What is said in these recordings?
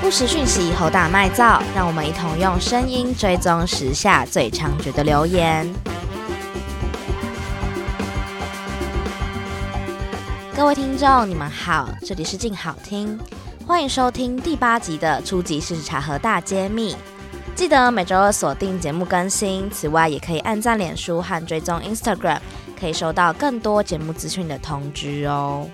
不實訊息吼大賣噪，讓我們一同用聲音追蹤時下最猖獗的流言。各位聽眾，你們好，這裡是靜好聽，歡迎收聽第八集的出擊！事實查核和大揭密。記得每周二鎖定節目更新，此外也可以按讚臉書和追蹤 Instagram，可以收到更多節目資訊的通知哦。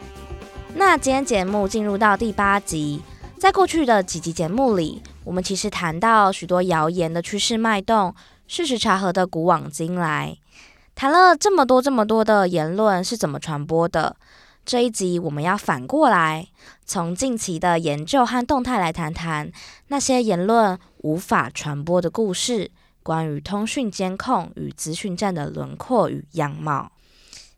那今天節目進入到第八集，在過去的幾集節目裡，我們其實談到許多謠言的趨勢脈動、事實查核的古往今來，談了這麼多這麼多的言論是怎麼傳播的。這一集我們要反過來，從近期的研究和動態來談談那些言論無法傳播的故事，關於通訊監控與資訊戰的輪廓與樣貌。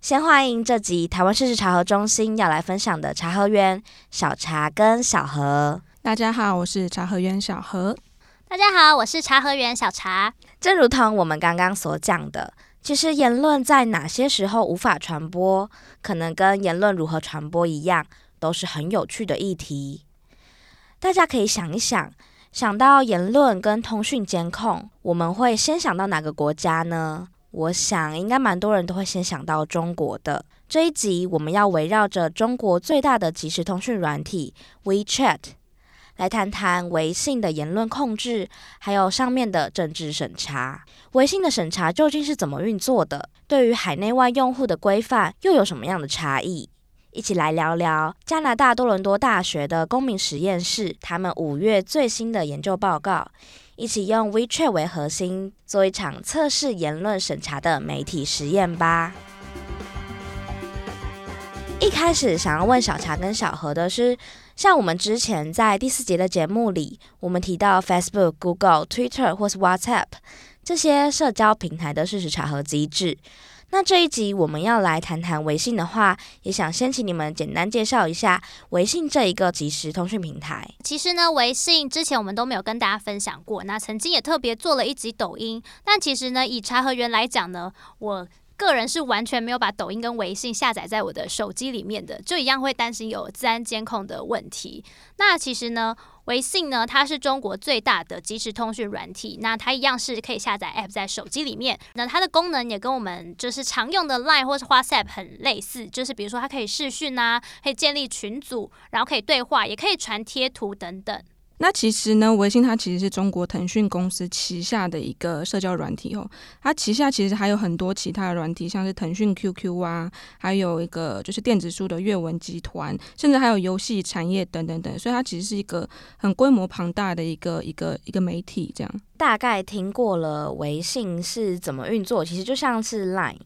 先歡迎這集台灣事實查核中心要來分享的查核員小查跟小何。大家好，我是查核員小何。大家好，我是查核員小查。正如同我們剛剛所講的，其實言論在哪些時候無法傳播，可能跟言論如何傳播一樣，都是很有趣的議題。大家可以想一想，想到言論跟通訊監控，我們會先想到哪個國家呢？我想應該蠻多人都會先想到中國的。這一集，我們要圍繞着中國最大的即時通訊軟體 WeChat 來談談微信的言論控制，還有上面的政治審查。微信的審查究竟是怎麼運作的？對於海內外用戶的規範又有什麼樣的差異？一起來聊聊加拿大多倫多大學的公民實驗室，他們五月最新的研究報告。一起用 WeChat 為核心做一場測試言論審查的媒體實驗吧。一開始想要問小茶跟小何的是，像我們之前在第四集的節目裡，我們提到 Facebook、Google、Twitter 或是 WhatsApp 這些社交平台的事實查核機制。那這一集我們要來談談微信的話，也想先請你們簡單介紹一下微信這一個即時通訊平台。其實呢，微信之前我們都沒有跟大家分享過，那曾經也特別做了一集抖音。但其實呢，以查核員來講呢，我。個人是完全沒有把抖音跟微信下載在我的手機裡面的，就一樣會擔心有資安監控的問題。那其實呢，微信呢，它是中國最大的即時通訊軟體，那它一樣是可以下載 App 在手機裡面。那它的功能也跟我們就是常用的 Line 或是 WhatsApp 很類似，就是比如說它可以視訊啊，可以建立群組，然後可以對話，也可以傳貼圖等等。那其實呢，微信它其實是中國騰訊公司旗下的一個社交軟體哦，它旗下其實還有很多其他的軟體，像是騰訊 QQ 啊，還有一個就是電子書的閱文集團，甚至還有遊戲產業等等等，所以它其實是一個很規模龐大的一個一個一個媒體這樣。大概聽過了微信是怎麼運作，其實就像是 Line。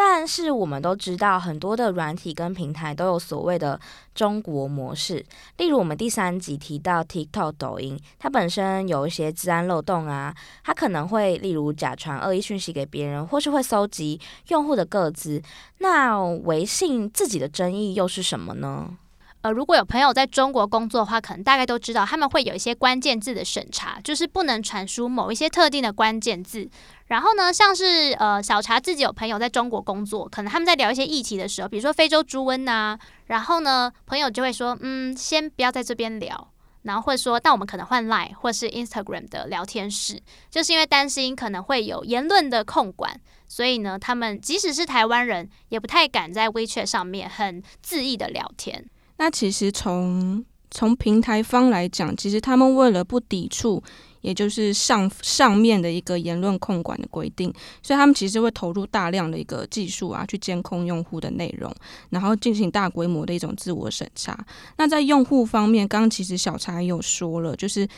但是我們都知道，很多的軟體跟平台都有所謂的中國模式。例如我們第三集提到 TikTok、抖音，它本身有一些資安漏洞啊，它可能會例如假傳惡意訊息給別人，或是會蒐集用戶的個資。那微信自己的爭議又是什麼呢？呃，如果有朋友在中國工作的話，可能大概都知道他們會有一些關鍵字的審查，就是不能傳輸某一些特定的關鍵字。然後呢，像是呃小查自己有朋友在中國工作，可能他們在聊一些議題的時候，比如說非洲豬瘟吶、啊，然後呢朋友就會說，嗯，先不要在這邊聊，然後會說，但我們可能換 Line 或是 Instagram 的聊天室，就是因為擔心可能會有言論的控管，所以呢，他們即使是台灣人，也不太敢在 WeChat 上面很恣意的聊天。那其實從從平台方來講，其實他們為了不抵觸，也就是上上面的一個言論控管的規定，所以他們其實會投入大量的一個技術啊，去監控用戶的內容，然後進行大規模的一種自我審查。那在用戶方面，剛剛其實小柴有說了，就是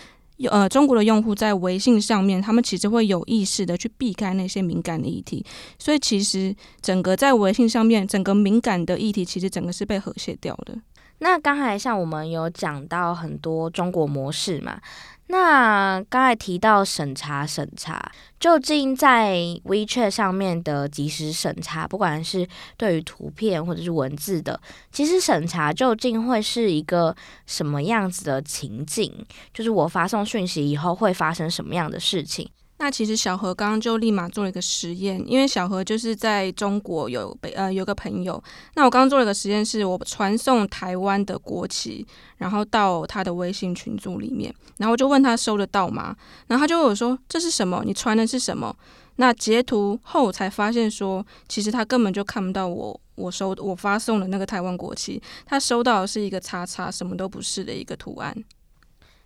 呃中國的用戶在微信上面，他們其實會有意識的去避開那些敏感的議題，所以其實整個在微信上面，整個敏感的議題其實整個是被和諧掉的。那剛才像我們有講到很多中國模式嘛，那剛才提到審查審查，究竟在 WeChat 上面的即時審查，不管是對於圖片或者是文字的，其實審查究竟會是一個什麼樣子的情景？就是我發送訊息以後會發生什麼樣的事情？那其實小何剛剛就立馬做了一個實驗，因為小何就是在中國有北呃有個朋友。那我剛剛做了一個實驗，是我傳送台灣的國旗，然後到他的微信群組裡面，然後我就問他收得到嗎？然後他就問我說，這是什麼？你傳的是什麼？那截圖後才發現說，其實他根本就看不到我我收我發送的那個台灣國旗，他收到的是一個叉叉什麼都不是的一個圖案。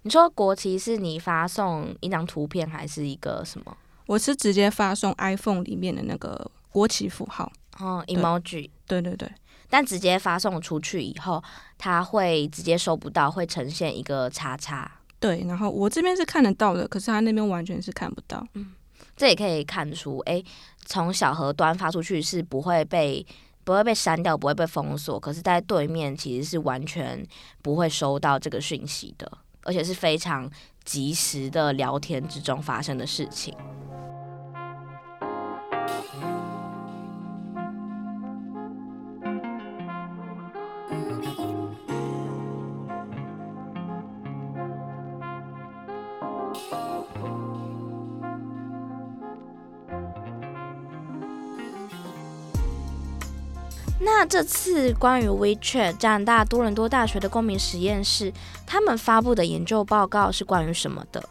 你說國旗是你發送一張圖片還是一個什麼？我是直接發送 iPhone 裡面的那個國旗符號哦，emoji。對對對，但直接發送出去以後，它會直接收不到，會呈現一個叉叉。對，然後我這邊是看得到的，可是他那邊完全是看不到。嗯，這也可以看出，哎，從小河端發出去是不會被不會被刪掉，不會被封鎖，可是，在對面其實是完全不會收到這個訊息的。而且是非常及時的聊天之中發生的事情。這次關於 WeChat 加拿大多倫多大學的公民實驗室，他們發布的研究報告是關於什麼的？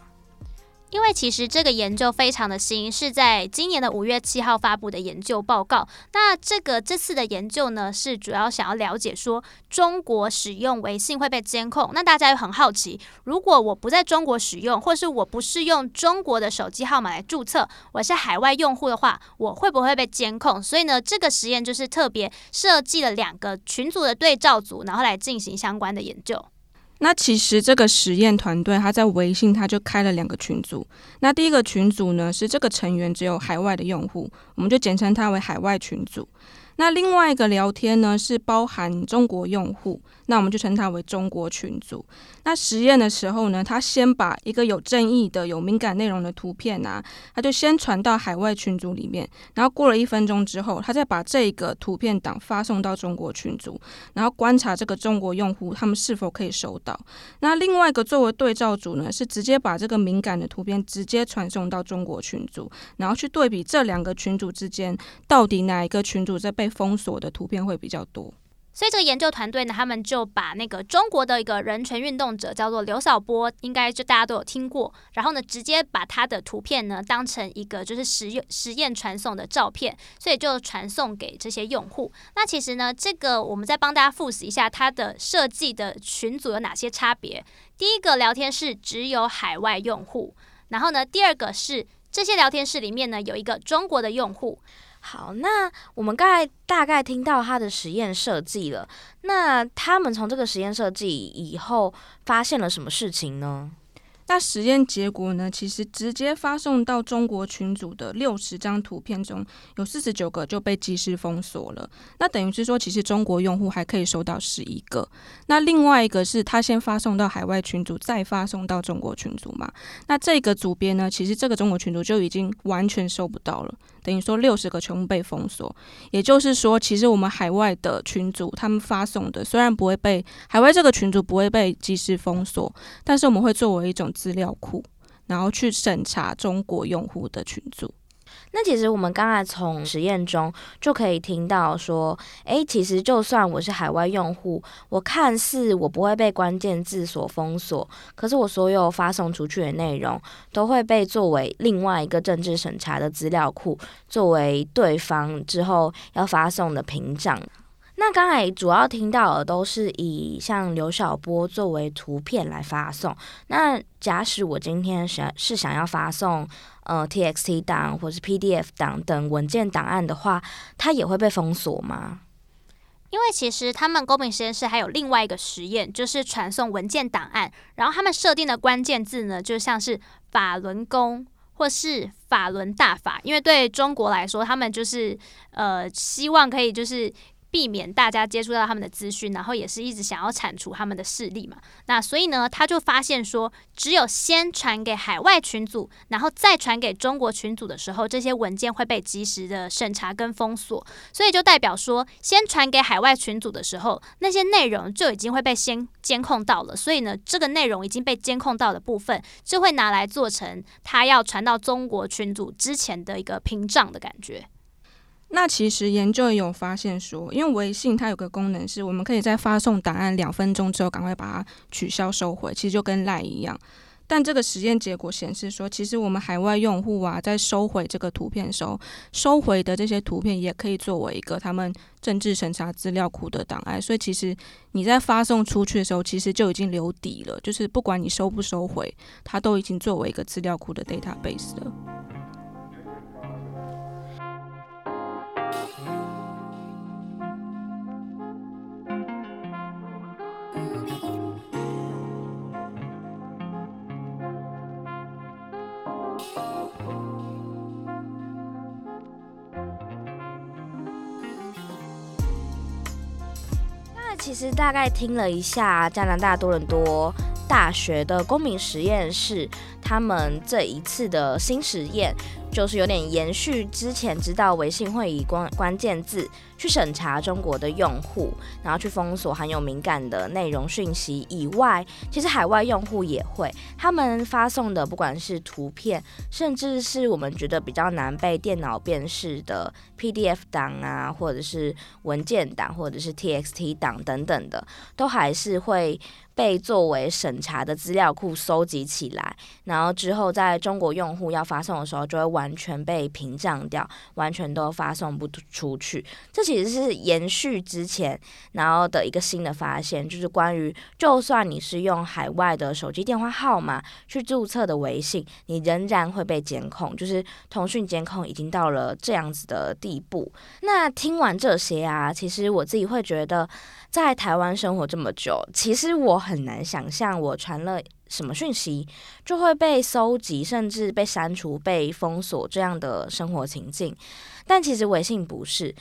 因為其實這個研究非常的新，是在今年的五月七號發布的研究報告。那這個這次的研究呢，是主要想要了解說中國使用微信會被監控。那大家又很好奇，如果我不在中國使用，或是我不是用中國的手機號碼來注冊，我是海外用戶的話，我會不會被監控？所以呢，這個實驗就是特別設計了兩個群組的對照組，然後來進行相關的研究。那其實這個實驗團隊，他在微信，他就開了兩個群組。那第一個群組呢，是這個成員只有海外的用戶，我們就簡稱他為海外群組。那另外一個聊天呢，是包含中國用戶，那我們就稱它為中國群組。那實驗的時候呢，他先把一個有爭議的、有敏感內容的圖片啊，他就先傳到海外群組裡面，然後過了一分鐘之後，他再把這個圖片檔發送到中國群組，然後觀察這個中國用戶他們是否可以收到。那另外一個作為對照組呢，是直接把這個敏感的圖片直接傳送到中國群組，然後去對比這兩個群組之間到底哪一個群組在被。被封鎖的圖片會比較多，所以這個研究團隊呢，他們就把那個中國的一個人權運動者叫做劉曉波，應該就大家都有聽過，然後呢，直接把他的圖片呢當成一個就是實實驗傳送的照片，所以就傳送給這些用戶。那其實呢，這個我們再幫大家復習一下它的設計的群組有哪些差別。第一個聊天室只有海外用戶，然後呢，第二個是這些聊天室裡面呢有一個中國的用戶。好，那我們剛才大概聽到他的實驗設計了，那他們從這個實驗設計以後發現了什麼事情呢？那實驗結果呢？其實直接發送到中國群組的六十張圖片中有四十九個就被即時封鎖了。那等於是說，其實中國用戶還可以收到十一個。那另外一個是他先發送到海外群組，再發送到中國群組嘛。那這個組別呢？其實這個中國群組就已經完全收不到了。等於說六十個全部被封鎖。也就是說，其實我們海外的群組他們發送的雖然不會被海外這個群組不會被即時封鎖，但是我們會作為一種。資料庫，然後去審查中國用戶的群組。那其實我們剛才從實驗中就可以聽到說，誒、欸，其實就算我是海外用戶，我看似我不會被關鍵字所封鎖，可是我所有發送出去的內容都會被作為另外一個政治審查的資料庫，作為對方之後要發送的屏障。那剛才主要聽到的都是以像劉曉波作為圖片來發送。那假使我今天想是想要發送呃 TXT 檔或是 PDF 檔等文件檔案的話，它也會被封鎖嗎？因為其實他們公民實驗室還有另外一個實驗，就是傳送文件檔案。然後他們設定的關鍵字呢，就像是法輪功或是法輪大法，因為對中國來說，他們就是呃希望可以就是。避免大家接觸到他們的資訊，然後也是一直想要鏟除他們的勢力嘛。那所以呢，他就發現說，只有先傳給海外群組，然後再傳給中國群組的時候，這些文件會被及時的審查跟封鎖。所以就代表說，先傳給海外群組的時候，那些內容就已經會被先監控到了。所以呢，這個內容已經被監控到的部分，就會拿來做成他要傳到中國群組之前的一個屏障的感覺。那其實研究也有發現說，因為微信它有個功能是，我們可以在發送檔案兩分鐘之後趕快把它取消收回，其實就跟 LINE 一樣。但這個實驗結果顯示說，其實我們海外用戶啊，在收回這個圖片的時候，收回的這些圖片也可以作為一個他們政治審查資料庫的檔案。所以其實你在發送出去的時候，其實就已經留底了，就是不管你收不收回，它都已經作為一個資料庫的 database 了。其實大概聽了一下加拿大多倫多大學的公民實驗室，他們這一次的新實驗。就是有點延續之前知道微信會以關關鍵字去審查中國的用戶，然後去封鎖含有敏感的內容訊息以外，其實海外用戶也會，他們發送的不管是圖片，甚至是我們覺得比較難被電腦辨識的 PDF 檔啊，或者是文件檔，或者是 TXT 檔等等的，都還是會被作為審查的資料庫收集起來，然後之後在中國用戶要發送的時候就會玩完全被屏障掉，完全都發送不出去。這其實是延續之前，然後的一個新的發現，就是關於就算你是用海外的手機電話號碼去注冊的微信，你仍然會被監控，就是通訊監控已經到了這樣子的地步。那聽完這些啊，其實我自己會覺得，在台灣生活這麼久，其實我很難想象我傳了什麼訊息就會被搜集，甚至被刪除、被封鎖，這樣的生活情境，但其實微信不是。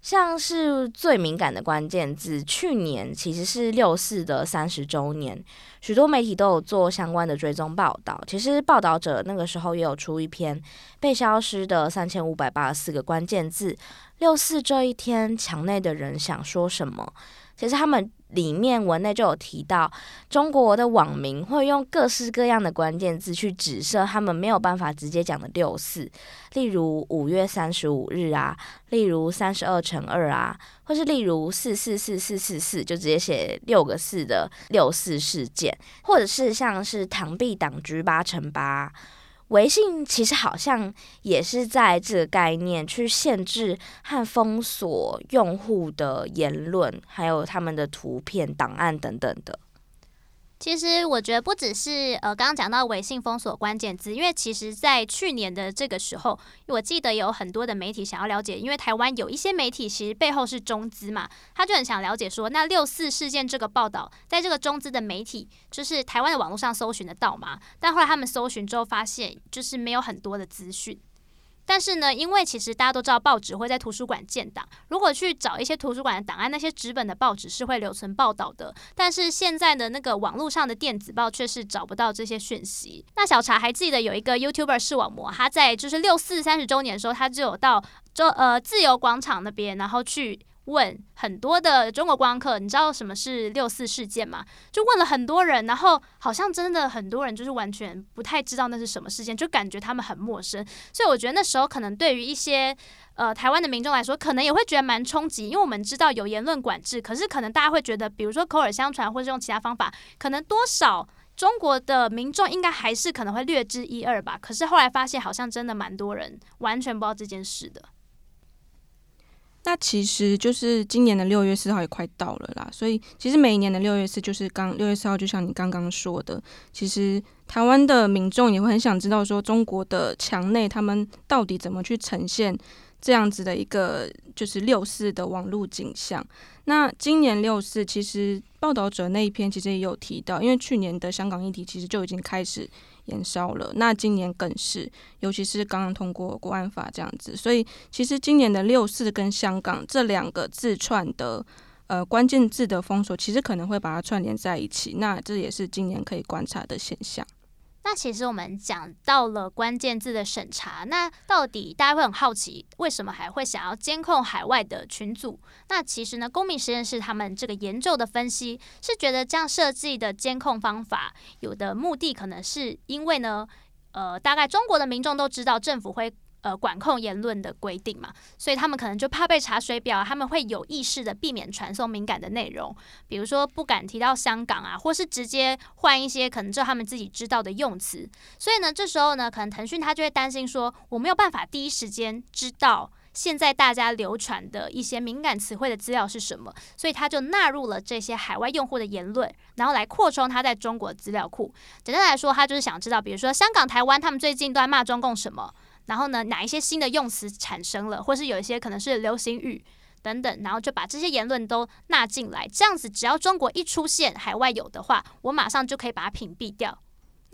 像是最敏感的關鍵字，去年其實是六四的三十周年，許多媒體都有做相關的追蹤報道。其實報道者那個時候也有出一篇《被消失的三千五百八十四個關鍵字》，六四這一天，牆內的人想說什麼？其實他們裡面文內就有提到，中國的網民會用各式各樣的關鍵字去指涉他們沒有辦法直接講的六四，例如五月三十五日啊，例如三十二乘二啊，或是例如四四四四四四，就直接寫六個四的六四事件，或者是像是螳臂擋車八乘八。微信其實好像也是在這個概念去限制和封鎖用戶的言論，還有他們的圖片、檔案等等的。其實我覺得不只是呃，剛剛講到微信封鎖關鍵字，因為其實在去年的這個時候，我記得有很多的媒體想要了解，因為台灣有一些媒體其實背後是中資嘛，他就很想了解說，那六四事件這個報道，在這個中資的媒體，就是台灣的網絡上搜尋得到嗎？但後來他們搜尋之後發現，就是沒有很多的資訊。但是呢，因為其實大家都知道報紙會在圖書館建檔，如果去找一些圖書館的檔案，那些紙本的報紙是會留存報道的。但是現在的那個網絡上的電子報卻是找不到這些訊息。那小查還記得有一個 YouTuber 視網膜，他在就是六四三十周年的時候，他就有到周呃自由廣場那邊，然後去。問很多的中國觀光客，你知道什麼是六四事件嗎？就問了很多人，然後好像真的很多人就是完全不太知道那是什麼事件，就感覺他們很陌生。所以我覺得那時候可能對於一些呃台灣的民眾來說，可能也會覺得蠻衝擊，因為我們知道有言論管制，可是可能大家會覺得，比如說口耳相傳，或者是用其他方法，可能多少中國的民眾應該還是可能會略知一二吧。可是後來發現，好像真的蠻多人完全不知道這件事的。那其實就是今年的六月四號也快到了啦，所以其實每一年的六月四，就是剛六月四號，就像你剛剛說的，其實台灣的民眾也會很想知道說中國的牆內他們到底怎麼去呈現這樣子的一個就是六四的網絡景象。那今年六四其實報道者那一篇其實也有提到，因為去年的香港議題其實就已經開始。延燒了，那今年更是，尤其是剛剛通過國安法這樣子，所以其實今年的六四跟香港這兩個字串的，呃，關鍵字的封鎖，其實可能會把它串聯在一起，那這也是今年可以觀察的現象。那其實我們講到了關鍵字的審查，那到底大家會很好奇，為什麼還會想要監控海外的群組？那其實呢，公民實驗室他們這個研究的分析是覺得這樣設計的監控方法，有的目的可能是因為呢，呃，大概中國的民眾都知道政府會。呃，管控言論的規定嘛，所以他們可能就怕被查水表，他們會有意識的避免傳送敏感的內容，比如說不敢提到香港啊，或是直接換一些可能就他們自己知道的用詞。所以呢，這時候呢，可能騰訊他就會擔心說，我沒有辦法第一時間知道現在大家流傳的一些敏感詞彙的資料是什麼，所以他就納入了這些海外用戶的言論，然後來擴充他在中國的資料庫。簡單來說，他就是想知道，比如說香港、台灣，他們最近都在罵中共什麼。然後呢，哪一些新的用詞產生了，或是有一些可能是流行語等等，然後就把這些言論都納進來。這樣子，只要中國一出現，海外有的話，我馬上就可以把它屏蔽掉。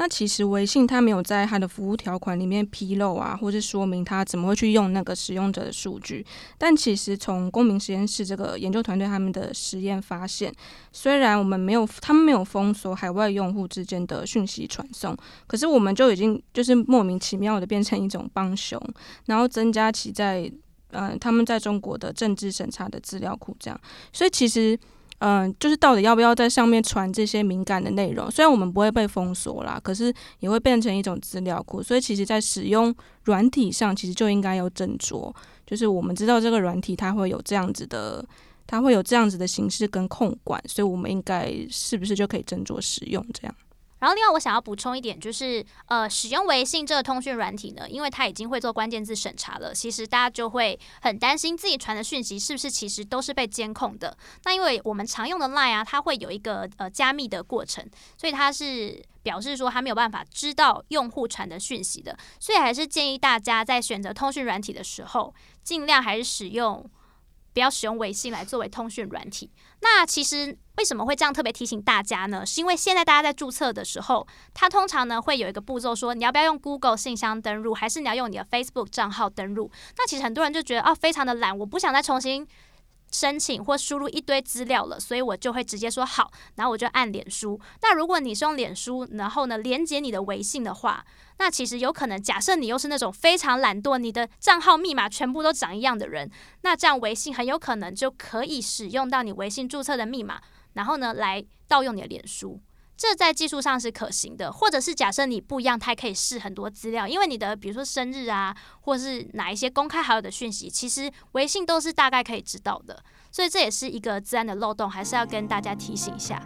那其實微信它沒有在它的服務條款裡面披露啊，或是說明它怎麼會去用那個使用者的數據。但其實從公民實驗室這個研究團隊他們的實驗發現，雖然我們沒有，他們沒有封鎖海外用戶之間的訊息傳送，可是我們就已經就是莫名其妙的變成一種幫兇，然後增加其在嗯、呃、他們在中國的政治審查的資料庫這樣。所以其實。嗯，就是到底要不要在上面傳這些敏感的內容？雖然我們不會被封鎖啦，可是也會變成一種資料庫。所以其實，在使用軟體上，其實就應該要斟酌。就是我們知道這個軟體它會有這樣子的，它會有這樣子的形式跟控管，所以我們應該是不是就可以斟酌使用這樣？然後，另外我想要補充一點，就是呃，使用微信這個通訊軟體呢，因為它已經會做關鍵字審查了，其實大家就會很擔心自己傳的訊息是不是其實都是被監控的。那因為我們常用的 Line 啊，它會有一個呃加密的過程，所以它是表示說它沒有辦法知道用戶傳的訊息的。所以還是建議大家在選擇通訊軟體的時候，盡量還是使用。不要使用微信來作為通訊軟體。那其實為什麼會這樣特別提醒大家呢？是因為現在大家在註冊的時候，它通常呢會有一個步驟說，你要不要用 Google 信箱登錄，還是你要用你的 Facebook 賬號登錄？那其實很多人就覺得哦，非常的懶，我不想再重新。申請或輸入一堆資料了，所以我就會直接說好，然後我就按臉書。那如果你是用臉書，然後呢，連接你的微信的話，那其實有可能假設你又是那種非常懶惰，你的賬號密碼全部都長一樣的人，那這樣微信很有可能就可以使用到你微信註冊的密碼，然後呢，來盜用你的臉書。這在技術上是可行的，或者是假設你不一樣，他也可以試很多資料，因為你的比如說生日啊，或是哪一些公開好友的訊息，其實微信都是大概可以知道的，所以這也是一個資安的漏洞，還是要跟大家提醒一下。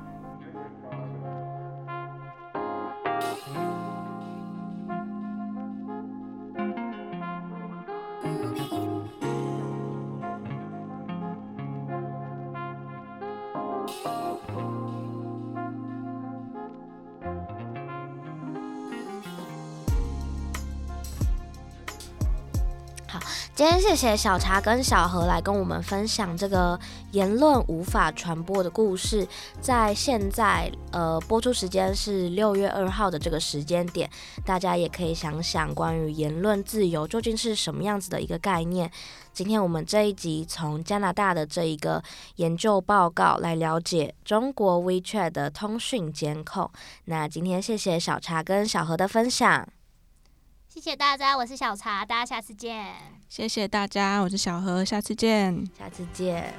今天謝謝小茶跟小何來跟我們分享這個言論無法傳播的故事。在現在呃，播出時間是六月二號的這個時間點，大家也可以想想關於言論自由究竟是什麼樣子的一個概念。今天我們這一集從加拿大的這一個研究報告來了解中國 WeChat 的通訊監控。那今天謝謝小茶跟小何的分享。謝謝大家，我是小茶，大家下次見。謝謝大家，我是小何，下次見。下次見。